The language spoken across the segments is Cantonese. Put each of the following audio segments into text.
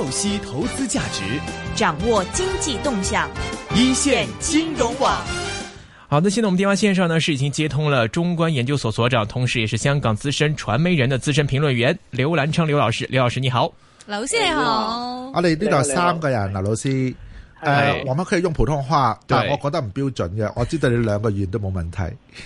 透析投資價值，掌握經濟動向，一線金融網。好的，現在我們電話線上呢是已經接通了中觀研究所所長，同時也是香港資深傳媒人的資深評論員劉瀾昌劉老師。劉老師你好，劉老師你好，我哋呢度有三個人啊，老師、呃，我們可以用普通話，但我覺得唔標準嘅，我知道你兩個語言都冇問題。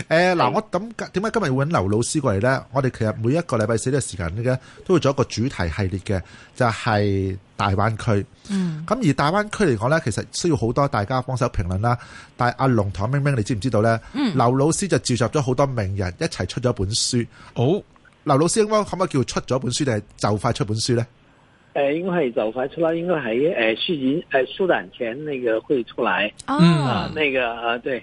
誒、欸，嗱，我咁點解今日會揾劉老師過嚟咧？我哋其實每一個禮拜四嘅時間呢都會做一個主題系列嘅，就係、是、大灣區。嗯，咁而大灣區嚟講咧，其實需要好多大家幫手評論啦。但係阿龍唐阿冰冰，你知唔知道咧？嗯，劉老師就召集咗好多名人一齊出咗本書。好、哦，劉老師，可可唔可以叫出咗本書定係就快出本書咧？誒，應該係就快出啦，應該喺誒書展誒書展前呢個會出嚟。啊、哦呃、呢個啊、呃，對。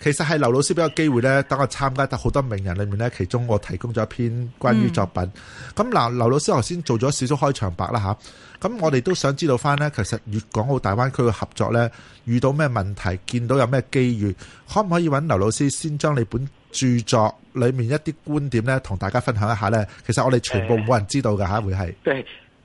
其實係劉老師俾個機會咧，等我參加得好多名人裏面咧，其中我提供咗一篇關於作品。咁、嗯、嗱，劉老師頭先做咗少少開場白啦吓，咁我哋都想知道翻咧，其實粵港澳大灣區嘅合作咧，遇到咩問題，見到有咩機遇，可唔可以揾劉老師先將你本著作裏面一啲觀點咧，同大家分享一下呢？其實我哋全部冇人知道㗎吓，會係。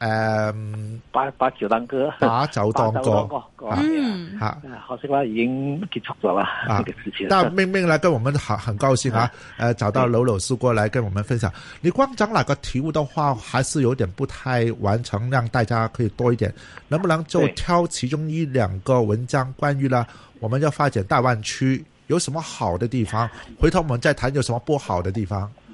Um, 啊、嗯，把把酒當歌，把酒當歌，嗯、啊、好，可惜啦，已經結束咗啦。但係明明嚟跟我們好，很高興啊！啊呃，找到劉老師過來跟我們分享。你光講哪個題目的話，還是有點不太完成，讓大家可以多一點。能不能就挑其中一兩個文章，關於呢？我們要發展大灣區，有什麼好的地方？回頭我們再談，有什麼不好的地方？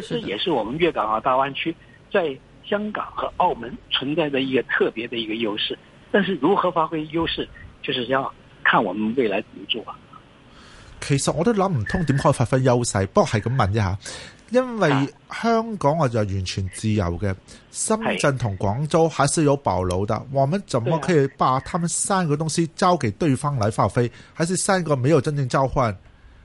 在這也是我們粵港澳大灣區在香港和澳門存在的一個特別的一個優勢，但是如何發揮優勢，就是要看我們未來怎麼做啊。其實我都諗唔通點可以發揮優勢，不過係咁問一下，因為香港我就完全自由嘅，深圳同廣州還是有壁壘的，我們怎麼可以把他們三個東西交給對方來發揮，還是三個沒有真正交換？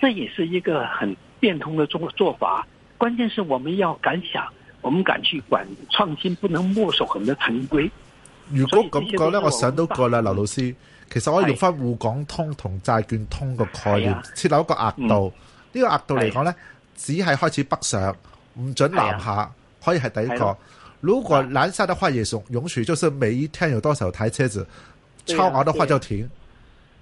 這也是一個很變通的做做法，關鍵是我們要敢想，我們敢去管創新，不能墨守很多成規。如果咁講咧，我想到過啦，劉老師，其實我用翻滬港通同債券通個概念，設立一個額度，呢、這個額度嚟講咧，只係開始北上，唔准南下，是可以係第一個。如果南沙的話，也是允許就是每一天有多少台車子超額的話，就停。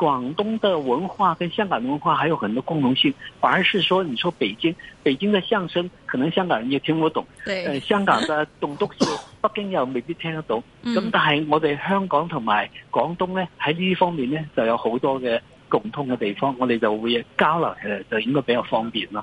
廣東的文化跟香港文化還有很多共同性，反而是說，你說北京，北京的相聲可能香港人又聽不懂，對，呃、香港的棟篤笑，北京又未必聽得到。咁但係我哋香港同埋廣東呢，喺呢方面呢，就有好多嘅共通嘅地方，我哋就會交流就應該比較方便囉。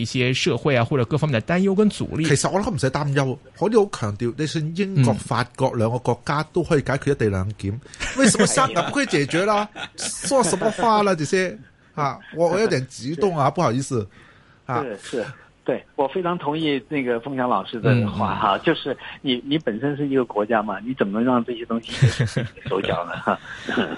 一些社會啊，或者各方面的擔憂跟阻力。其實我都唔使擔憂，我哋好強調，你算英國、嗯、法國兩個國家都可以解決一地兩檢，為什麼香港不可以解決啦、啊？ 說什麼話啦、啊？這些 啊，我我有點激動啊，不好意思啊。是是，對我非常同意那個鳳翔老師的話哈、嗯，就是你你本身是一個國家嘛，你怎麼讓這些東西手腳呢？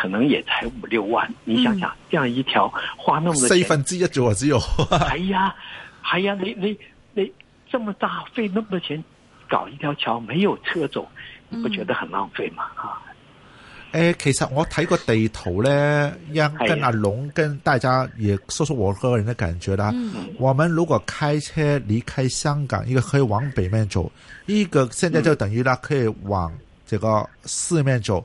可能也才五六萬，嗯，你想想，這樣一條花那麼四分之一左右，只有。 哎，呀，哎呀，你你你這麼大費那麼多錢搞一條橋，沒有車走，你不覺得很浪費嗎？啊，嗯，誒，哎，其實我睇過地圖咧，央，哎，跟阿龍跟大家也說說我個人的感覺啦，嗯。我們如果開車離開香港，一個可以往北面走，一個現在就等於啦可以往這個四面走。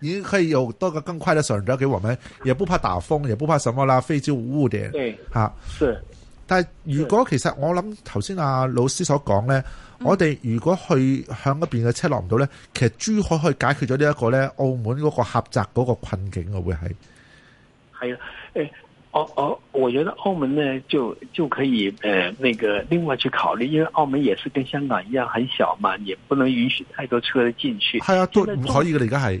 已經可以有多個更快的選擇，給我們，也不怕打風，也不怕什麼啦，飛機污點。對，吓、啊，是。但係如果其實我諗頭先阿老師所講呢，我哋如果去向嗰邊嘅車落唔到呢，其實珠海可以解決咗呢一個咧，澳門嗰個狹窄嗰個困境嘅會係。係啊，誒、欸，我我我覺得澳門呢就就可以誒、呃，那個另外去考慮，因為澳門也是跟香港一樣很小嘛，也不能允許太多車進去。係啊，都唔可以嘅，你而家係。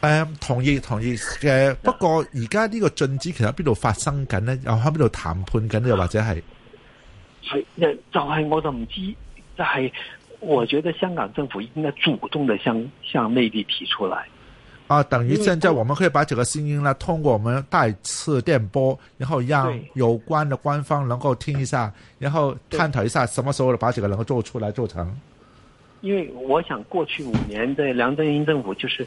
嗯，同意，同意。不過而家呢個禁止其實喺邊度發生緊呢？又喺邊度談判緊呢？又或者係係就係我哋唔知，就係我覺得香港政府應該主動的向向內地提出來。啊，等於現在我們可以把這個聲音呢通過我們帶次電波，然後讓有關的官方能夠聽一下，然後探討一下什麼時候把這個能夠做出來做成。因為我想過去五年的梁振英政府就是。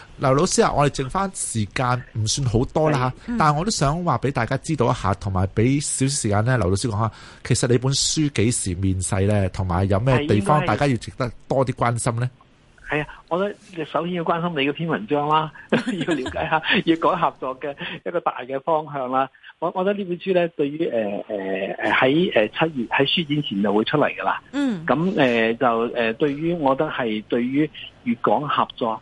劉老師啊，我哋剩翻時間唔算好多啦、嗯、但係我都想話俾大家知道一下，同埋俾少少時間咧，劉老師講下，其實你本書幾時面世咧，同埋有咩地方大家要值得多啲關心咧？係啊，我覺得你首先要關心你嗰篇文章啦， 要了解一下粵港合作嘅一個大嘅方向啦。我，我覺得呢本書咧，對於誒誒喺七月喺書展前就會出嚟噶啦。嗯，咁誒、呃、就誒對於我覺得係對於粵港合作。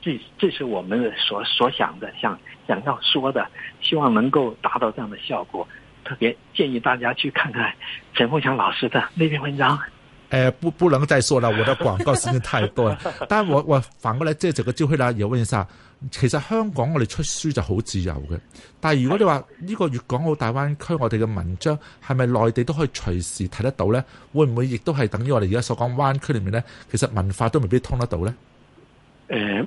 這這是我們所所想的，想想要說的，希望能夠達到這樣的效果。特別建議大家去看看陳鳳祥老師的那篇文章。誒、呃，不不能再說了，我的廣告時間 太多了。但我我反過來這幾個機會呢，有問一下，其實香港我哋出書就好自由嘅，但係如果你話呢個粵港澳大灣區，我哋嘅文章係咪內地都可以隨時睇得到呢？會唔會亦都係等於我哋而家所講灣區裏面呢？其實文化都未必通得到呢。呃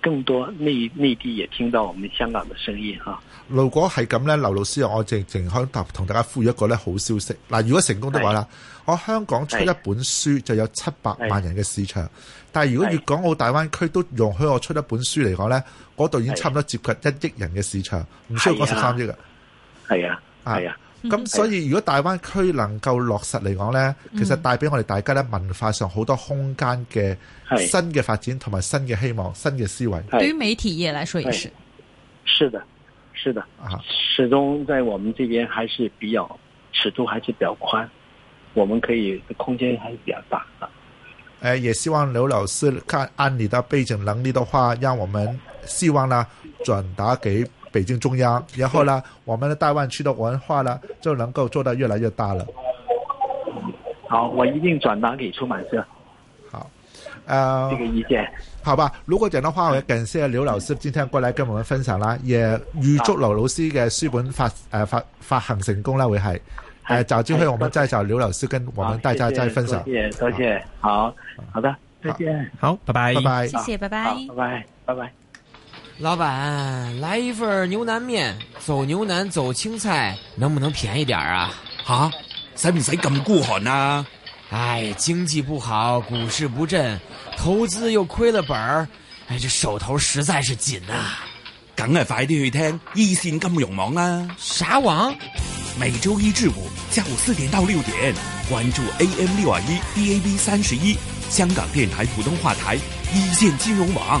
更多內內地也聽到我們香港的聲音啊，如果係咁呢，劉老師，我正正想同同大家呼籲一個呢好消息。嗱、啊，如果成功的話啦、哎，我香港出一本書就有七百萬人嘅市場。哎、但係如果粵港澳大灣區都容許我出一本書嚟講呢，嗰度已經差唔多接近一億人嘅市場，唔需要講十三億啊。係啊，係、哎、啊。咁所以如果大灣區能夠落實嚟講咧，其實帶俾我哋大家咧，文化上好多空間嘅新嘅發展，同埋新嘅希望新的、新嘅思維，對於媒體業來說也是。是的，是的啊，始終在我們這邊還是比較尺度，還是比較寬，我們可以空間還是比較大啊。誒，也希望劉老師看按你的背景能力的話，讓我們希望呢轉達給。北京中央，然後呢，我們的大灣區的文化呢，就能夠做到越來越大了。好，我一定轉達給出版社。好，誒、呃這個意見，好，吧。如果講的話，我也感謝劉老師今天過來跟我們分享啦，也預祝劉老師嘅書本發、呃、發發行成功啦，呃、找機會系。誒，就朝我們再找劉老師跟我們大家再分享。多謝多謝，謝，謝好。好，好的，好再見。好，好好拜拜拜拜。謝謝，拜拜拜拜拜拜。老闆，來一份牛腩麵，走牛腩，走青菜，能不能便宜點啊？哈、啊，使唔使咁孤寒啊？哎，經濟不好，股市不振，投資又虧了本兒，哎，這手頭實在是緊吶、啊。梗係快啲去聽一線金融網啦！啥網、啊？每周一至五下午四點到六點，關注 AM 六二一 DAB 三十一香港電台普通話台一線金融網。